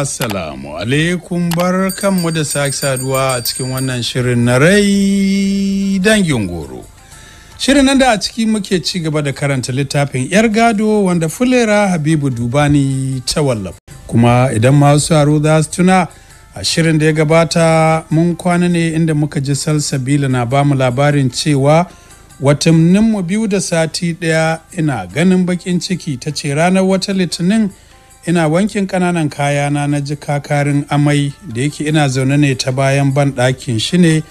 Assalamu alaikum bar kanmu da sake saduwa a cikin wannan shirin na rai dangin goro. Shirin nan da a ciki muke ci gaba da karanta littafin 'yar gado wanda fulera Habibu Dubani ta wallafa. Kuma idan masu haro za su tuna a shirin da ya gabata mun kwana ne inda muka ji salsabila na bamu labarin cewa watanninmu biyu da sati ɗaya ina ganin bakin ciki ta ce ranar wata litinin ina wankin ƙananan kayana na ji kakarin amai da yake ina zaune ne ta bayan ban ɗakin shi ne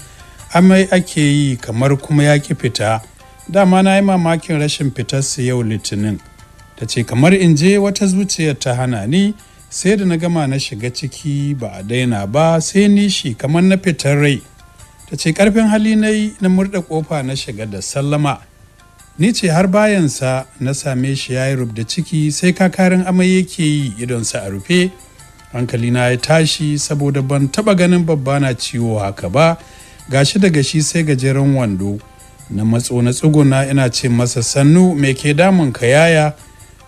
amai ake yi kamar kuma ya ki fita dama na yi mamakin rashin fitar su yau litinin ta ce kamar in je wata zuciyar ta hana ni sai da na gama na shiga ciki ba a daina ba sai nishi kamar na fitar rai ta ce ƙarfin hali na yi na murda ƙofa na shiga da sallama ni ce har bayansa na same shi ya yi rubda ciki sai kakarin amai yake yi idonsa a rufe hankalina ya tashi saboda ban taba ganin babba na ciwo haka ba gashi daga shi sai gajeren wando na matso na tsuguna ina ce masa sannu me ke damun ka yaya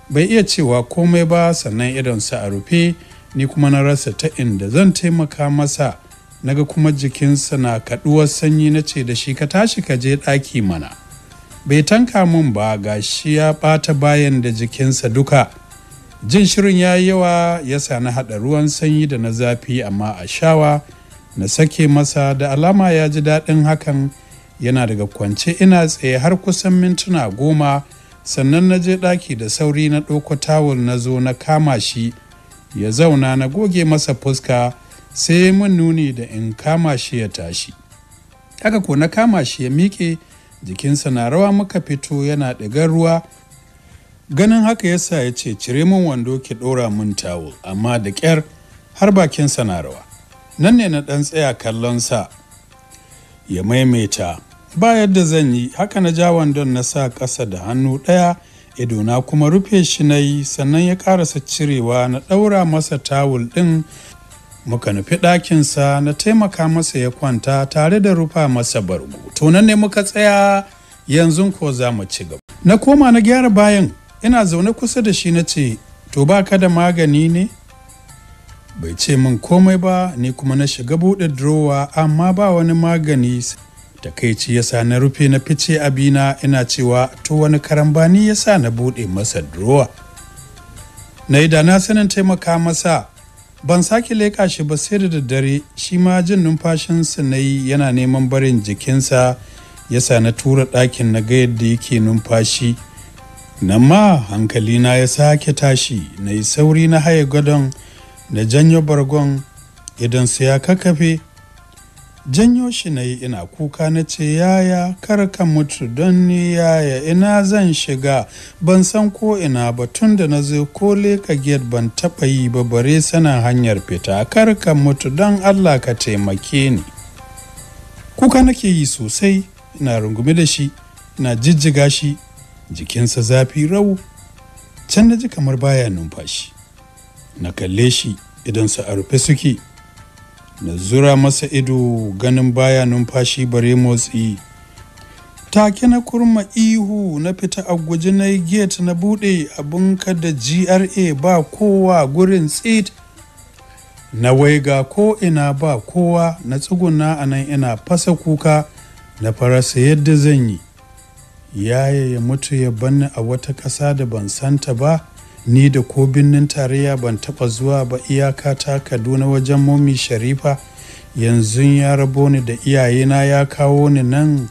bai iya cewa komai ba sannan idonsa a rufe ni kuma na rasa ta inda zan taimaka masa naga kuma jikinsa na kaɗuwar sanyi na ce da shi ka tashi ka je ɗaki mana bai tanka mun ba ga shi ya ɓata bayan da jikinsa duka jin shirin ya yi yawa ya sani haɗa ruwan sanyi da na zafi amma a shawa na sake masa da alama ya ji daɗin hakan yana daga kwance ina tsaye har kusan mintuna goma sannan na je ɗaki da sauri na ɗauko tawul na zo na kama shi ya zauna na goge masa fuska sai mun nuni da in kama shi ya tashi haka ko na kama shi ya miƙe jikinsa na rawa muka fito yana ɗigar ruwa ganin haka yasa ya ce cire min wando ki ɗora min tawul amma da ƙyar har bakinsa na rawa nan ne na ɗan tsaya kallon sa. ya maimaita ba yadda zan yi haka na ja wandon na sa ƙasa da hannu ɗaya idona kuma rufe shi na yi sannan ya ƙarasa cirewa na ɗaura masa tawul ɗin muka nufi ɗakinsa na taimaka masa ya kwanta tare da rufa masa bargu, to ne muka tsaya yanzu ko za mu ci gaba na koma na gyara bayan ina zaune kusa da shi na ce to ba ka da magani ne bai ce min komai ba ni kuma na shiga buɗe drowa amma ba wani magani takaici yasa na rufe na fice abina ina cewa to wani karambani yasa na buɗe masa drowa na yi da na sanin taimaka masa ban sake leƙa shi ba sai da daddare shi ma jin numfashinsa na yi yana neman barin jikinsa ya sa na tura ɗakin na ga yadda yake numfashi nan ma hankalina ya sake tashi na yi sauri na haye gadon na janyo bargon idan su ya kakafe janyo shi na yi ina kuka na ce yaya kar ka mutu don ni yaya ina zan shiga ban san ko ina ba tun da na zo ko leka get ban taɓa yi ba bare sanin hanyar fita kar ka mutu don allah ka taimake ni kuka nake yi sosai ina rungume da shi ina jijjiga shi jikinsa zafi rau can na ji kamar baya numfashi na kalle shi idan sa a rufe suke na zura masa ido ganin baya numfashi bare motsi take na kurma ihu na fita a guji na gate na bude abin da gra ba kowa gurin tsit na waiga ko ina ba kowa na tsuguna a nan ina fasa kuka na farasa yadda zan yi yaya ya mutu ya banni a wata ƙasa da ban santa ba ni da ko birnin tarayya ban taɓa zuwa ba iyaka ta kaduna wajen momi sharifa yanzu ya rabo ni da iyayena ya kawo ni nan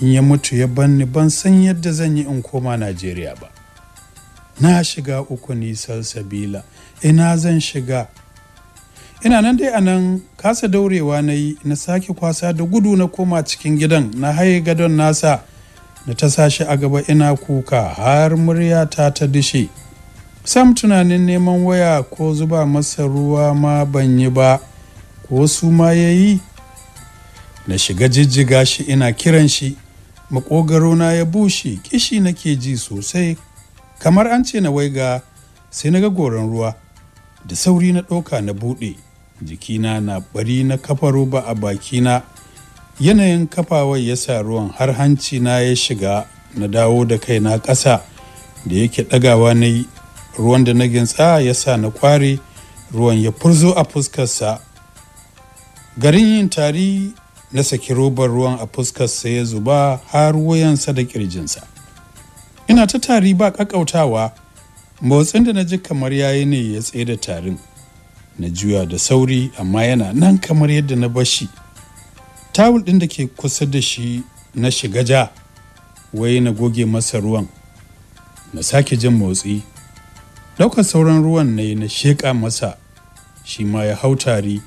in ya mutu ya ban ni ban san yadda zan yi in koma najeriya ba na shiga uku nisan sabila ina zan shiga ina nan dai anan kasa daurewa na yi na sake kwasa da gudu na koma cikin gidan na haye gadon nasa na ta sashi a gaba ina kuka har muryata ta dishe. sam tunanin neman waya ko zuba masa ruwa ma ban yi ba ko su ma ya yi na shiga jijjiga shi ina kiran shi makogaro na ya bushe kishi nake ji sosai kamar an ce na waiga sai na ga goron ruwa da sauri na ɗauka na buɗe jikina na bari na kafa roba a bakina yanayin kafawar ya sa ruwan har hanci na ya shiga na dawo da kaina ƙasa da yake ɗagawa na yi ruwan da na gintsa ya sa na kware ruwan ya furzo a fuskarsa garin yin tari na saki robar ruwan a fuskarsa ya zuba har wayansa da kirjinsa ina ta tari ba kakautawa motsin da na ji kamar yayi ne ya tsaye da tarin na juya da sauri amma yana nan kamar yadda na bashi tawul din da ke kusa da shi na shiga ja wai na goge masa ruwan na sake jin motsi ɗaukar sauran ruwan ne na sheƙa masa shi ma ya hau tari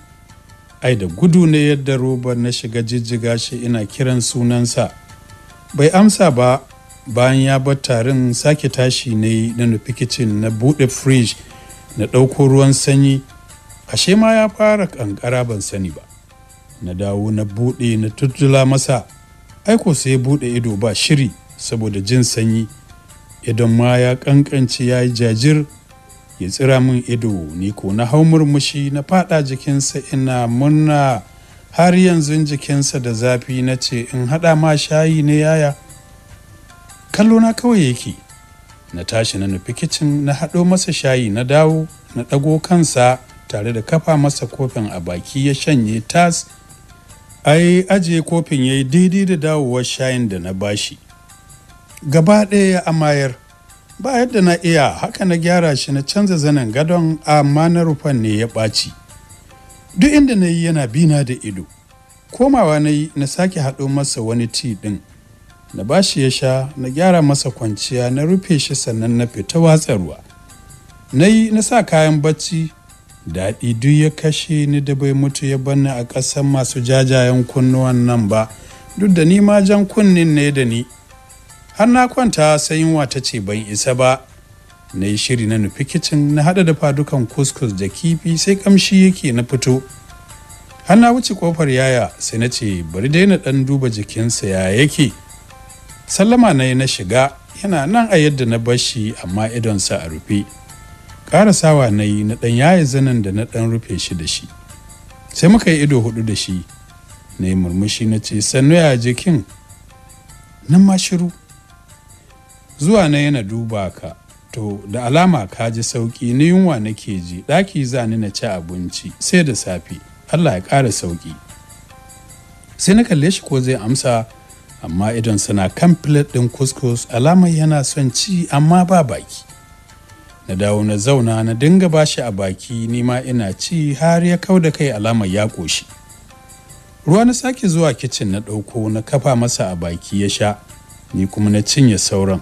ai da gudu ne yadda roba na shiga jijjiga shi ina kiran sunansa bai amsa ba bayan ya bar tarin sake tashi ne na nufi kicin na buɗe fridge na ɗauko ruwan sanyi ashe ma ya fara ƙanƙara ban sani ba na dawo na buɗe na tuttula masa aiko sai buɗe ido ba shiri saboda jin sanyi idan ma ya ƙanƙance ya yi jajir ya tsira min ido ni ko na hau murmushi na fada jikinsa ina murna har yanzu jikinsa da zafi na ce in haɗa ma shayi ne yaya kallo na kawai yake na tashi na nufi kicin na haɗo masa shayi na dawo na ɗago kansa tare da kafa masa kofin a baki ya shanye tas ai ajiye kofin ya yi daidai da dawowar shayin da na bashi gaba ɗaya ya amayar ba yadda na iya haka na gyara shi na canza zanen gadon amma na rufan ne ya ɓaci duk inda na yi yana bina da ido komawa na yi na sake haɗo masa wani ti ɗin na ba shi ya sha na gyara masa kwanciya na rufe shi sannan na fita watsarwa na yi na sa kayan bacci daɗi duk ya kashe ni da bai mutu ya ni a ƙasan masu jajayen kunnuwan nan ba duk da ni ma jan kunnin ne da ni har na kwanta sai yunwa ta ce ban isa ba na yi shiri na nufi kicin na haɗa da dukan kuskus da kifi sai kamshi yake na fito har na wuce kofar yaya sai na ce bari daina na ɗan duba jikinsa ya yake sallama na yi na shiga yana nan a yadda na bashi amma idonsa a rufe ƙarasawa na yi na ɗan yaya zanen da na ɗan rufe shi da shi sai muka yi ido hudu da shi na yi murmushi na ce sannu ya jikin nan ma shiru zuwa na yana duba ka to da alama ka ji sauki ni yunwa nake ji ɗaki za ni na ci abinci sai da safe allah ya ƙara sauki sai na kalle shi ko zai amsa amma idan suna kan filet ɗin kuskus alamar yana son ci amma ba baki na dawo na zauna na dinga bashi a baki nima ina ci har ya kau da kai alamar ya ƙoshi ruwa na sake zuwa kicin na ɗauko na kafa masa a baki ya sha ni kuma na cinye sauran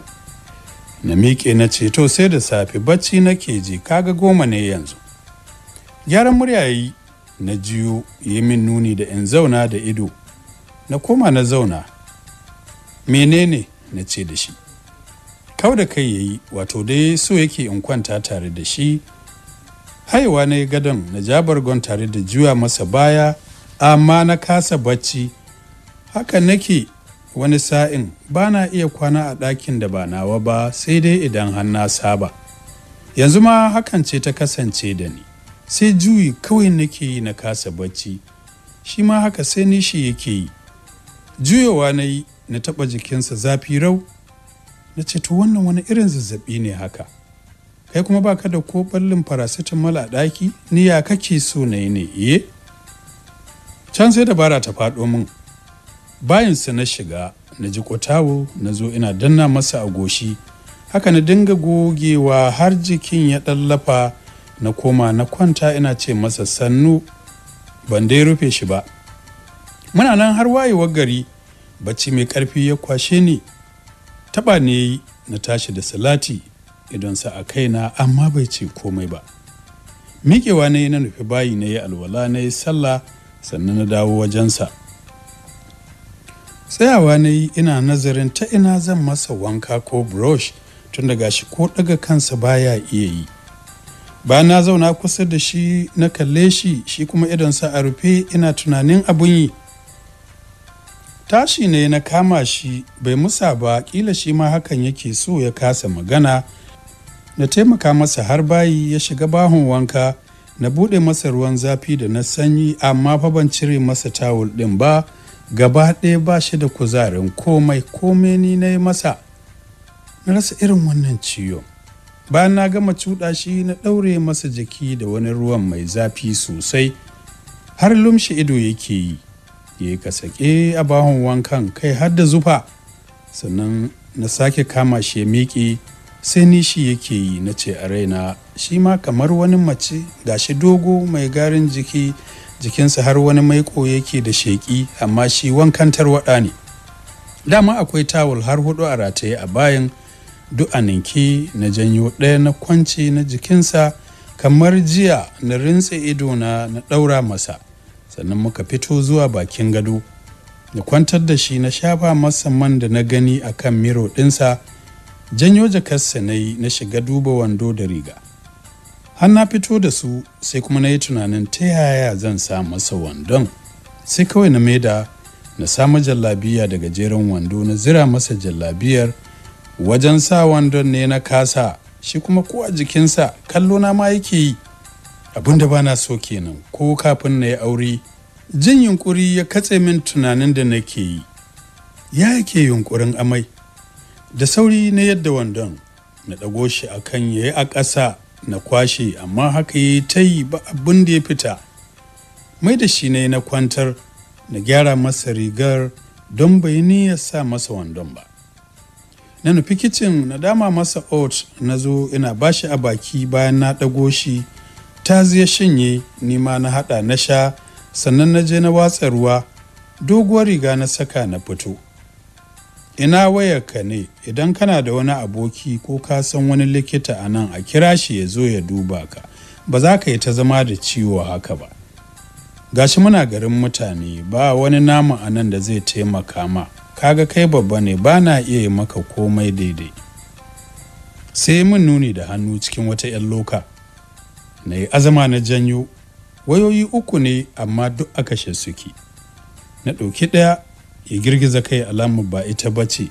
na miƙe na ce to sai da safe bacci nake ji kaga goma ne yanzu gyaran murya yi na jiyo yi min nuni da in zauna da ido na koma na zauna menene na ce da shi kau da kai yayi wato dai so yake in kwanta tare da shi haiwa na gadon na ja bargon tare da juya masa baya amma na kasa bacci haka nake wani sa'in ba na iya kwana a ɗakin da ba nawa ba sai dai idan har saba yanzu ma hakan ce ta kasance da ni sai juyi kawai nake yi na kasa bacci shi ma haka sai nishi yake yi juyowa na yi na taɓa jikinsa zafi rau na ce to wannan wani irin zazzaɓi ne haka kai kuma ba ka da ko ballin paracetamol a ɗaki ni ya kake so na yi ne iye eh. can sai dabara ta faɗo min sa na shiga na ji kotawo na zo ina danna masa a goshi haka na dinga gogewa har jikin ya ɗallafa na koma na kwanta ina ce masa sannu ban dai rufe shi ba muna nan har wayewar gari bacci mai ƙarfi ya kwashe ni taɓa ne na tashi da salati idan sa a kaina amma bai ce komai ba miƙewa na yi na nufi bayi na yi alwala na yi sallah sannan na dawo wajensa tsayawa na yi ina nazarin ta ina zan masa wanka ko brush tun daga shi ko daga kansa baya iya yi ba na zauna kusa da shi na kalle shi shi kuma sa a rufe ina tunanin abun yi tashi ne na kama shi bai musa ba kila shi ma hakan yake so ya kasa magana na taimaka masa har bayi ya shiga bahun wanka na buɗe masa ruwan zafi da na sanyi amma fa ban cire masa tawul ɗin ba gaba ɗaya ba shi da kuzarin komai komai ni na yi masa na rasa irin wannan ciwon bayan na gama cuɗa shi na ɗaure masa jiki da wani ruwan mai zafi sosai har lumshi ido yake yi ya yi kasake a bahon wankan kai har da zufa sannan na sake kama shi ya miƙe sai nishi yake yi na ce a raina shi ma kamar wani mace ga shi dogo mai garin jiki jikinsa har wani maiko yake da sheƙi amma shi wankan tarwaɗa ne dama akwai tawul har hudu a rataye a bayan duk a ninki na janyo ɗaya na kwance na jikinsa kamar jiya na rintse idona na ɗaura masa sannan muka fito zuwa bakin gado na kwantar da shi na shafa masa man da na gani akan miro ɗinsa janyo jakarsa na na shiga duba wando da riga har na fito da su sai kuma na yi tunanin ta yaya zan sa masa wandon sai kawai na maida na samu jallabiya da gajeren wando na zira masa jallabiyar wajen sa wandon ne na kasa shi kuma ko a jikinsa kallo na ma yake yi abin da ba na so kenan ko kafin na yi aure jin yunkuri ya katse min tunanin da nake yi ya yake yunkurin amai da sauri na yadda wandon na ɗago shi a akan yi a ƙasa na kwashe amma haka yi ta yi ba abin da ya fita mai da shi ne na kwantar na gyara masa rigar don bai ni ya sa masa wandon ba na nufi kicin na dama masa oat na zo ina bashi a baki bayan na ɗago shi ta ya shanye nima na haɗa na sha sannan na je na watsa ruwa doguwar riga na saka na fito ina wayarka ne idan kana da wani aboki ko ka san wani likita a nan a kira shi ya zo ya duba ka ba za ka yi ta zama da ciwo haka ba gashi muna garin mutane ba wani nama a nan da zai taimaka ma kaga kai babba ne ba na iya yi maka komai daidai sai mun nuni da hannu cikin wata 'yan loka na yi azama na janyo wayoyi uku ne amma duk aka kashe suke na ɗauki ɗaya ya girgiza kai alamu ba ita ba ce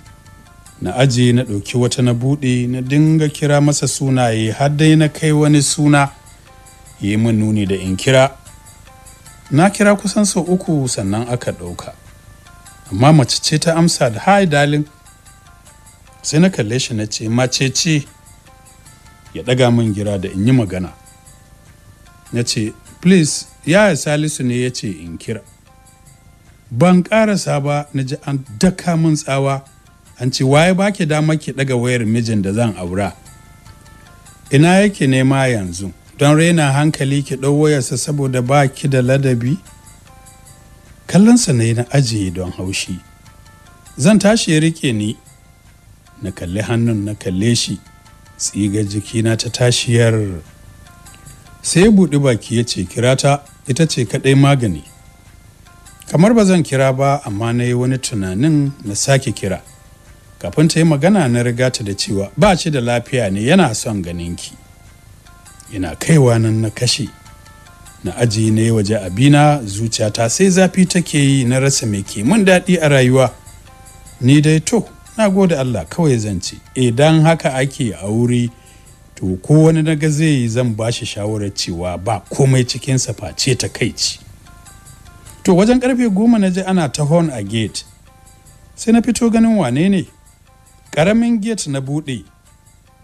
na ajiye na ɗauki wata na buɗe na dinga kira masa sunaye har dai na kai wani suna ya yi min nuni da in kira na kira kusan sau uku sannan aka ɗauka amma mace ce ta amsa da hai dalin sai na kalle shi na ce mace ce ya ɗaga min gira da in yi magana na ce please yaya salisu ne ya ce in kira ban karasa ba na ji an daka mun tsawa an ce waye ba ki dama ki daga wayar mijin da zan aura ina yake nema yanzu don raina hankali ki ɗau wayarsa saboda ba ki da ladabi kallonsa na yi na ajiye don haushi zan tashi ya rike ni na kalli hannun na kalle shi tsiga jikina ta tashiyar sai ya buɗi baki ya ce kirata ita ce kaɗai magani kamar ba zan kira ba amma na yi wani tunanin na sake kira kafin ta yi magana na riga ta da cewa ba shi da lafiya ne yana son ganin ki ina kaiwa nan na kashe na aji na yi waje abina zuciyata sai zafi take yi na rasa mai ke mun daɗi a rayuwa ni dai to na gode Allah kawai zan ce idan eh, haka ake a wuri to ko wani ga zai yi zan ba shi shawarar cewa ba komai cikinsa face ta kai ci to wajen karfe goma na ji ana ta horn a gate sai na fito ganin wane ne ƙaramin gate na buɗe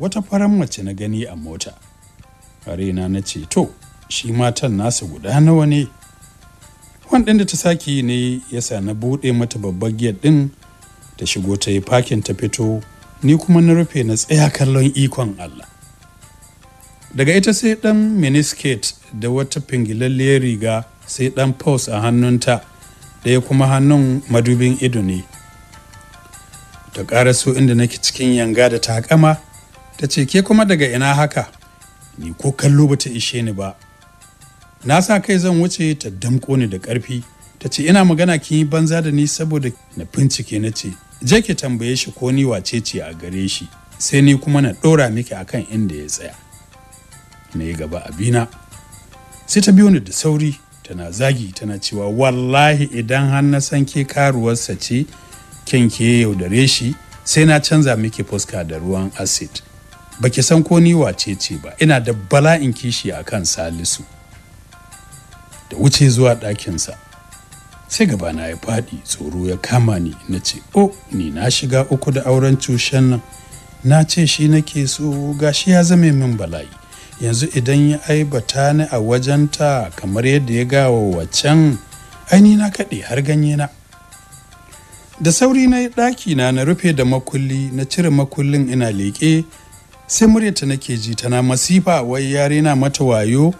wata farar mace na gani a mota arena na ce to shi matan nasa guda nawa ne ɗin da ta sake ne ya sa na buɗe mata babbar gate ɗin ta shigo ta yi fakin ta fito ni kuma na rufe na tsaya kallon ikon Allah daga ita sai ɗan miniskate da wata fingilalliyar riga sai ɗan pos a hannunta ɗaya kuma hannun madubin ido ne ta ƙara so inda nake cikin yanga da takama ta ce ke kuma daga ina haka ni ko kallo ba ta ishe ni ba na sa kai zan wuce ta damƙo ni da ƙarfi ta ce ina magana kin yi banza da ni saboda na bincike na ce je ki tambaye shi ko ni wace ce a gare shi sai ni kuma na ɗora miki akan inda ya tsaya na yi gaba abina sai ta biyu ni da sauri tana zagi tana cewa wallahi idan har na san ke karuwarsa ce kyan ke yaudare shi sai na canza miki fuska da ruwan acid ki san ko ni wace ce ba ina da bala'in kishi a kan salisu da wuce zuwa ɗakinsa sai gabana ya faɗi tsoro ya kama ni na ce o oh, ni na shiga uku da auren cushen nan na ce shi nake so gashi ya zame min bala'i yanzu idan ya aibata ni a wajenta kamar yadda ya gawa waccan aini na kaɗe har ganye na da sauri na ɗaki na na rufe da makulli na cire makullin ina leƙe sai muryata nake ji tana masifa wai yare na mata wayo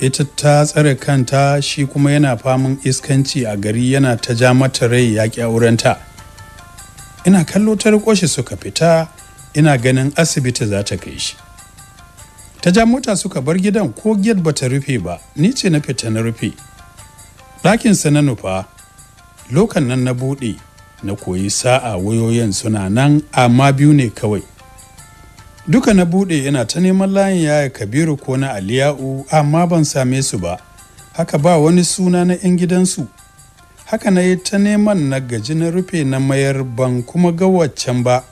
ita ta tsare kanta shi kuma yana famin iskanci a gari yana ta ja mata rai yaƙi aurenta ina kallo ta riko suka fita ina ganin asibiti za ta kai shi ta ja mota suka bar gidan ko gate bata rufe ba ni ce na fita na rufe ɗakinsa na nufa lokan nan na buɗe na koyi sa'a wayoyin suna nan amma biyu ne kawai duka na buɗe yana ta neman layin yaya kabiru ko na aliya'u amma ban same su ba haka ba wani suna na 'yan gidansu haka na yi ta neman na gaji na rufe na mayar ban kuma ga waccan ba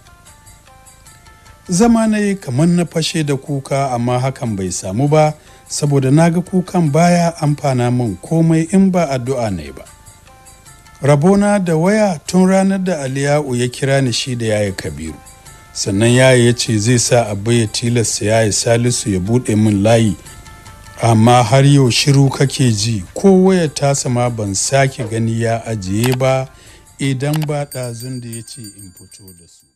zama na yi kamar na fashe da kuka amma hakan bai samu ba saboda na ga kukan baya amfana min komai in ba addu'a ne ba rabona da waya tun ranar da aliyu ya kira ni shi da yaya kabiru sannan yaya ya ce zai sa abu ya tilasta yaya salisu ya buɗe min layi amma har yau shiru kake ji ko waya ta sama ban sake gani ya ajiye ba idan ba ɗazun da ya ce in fito da su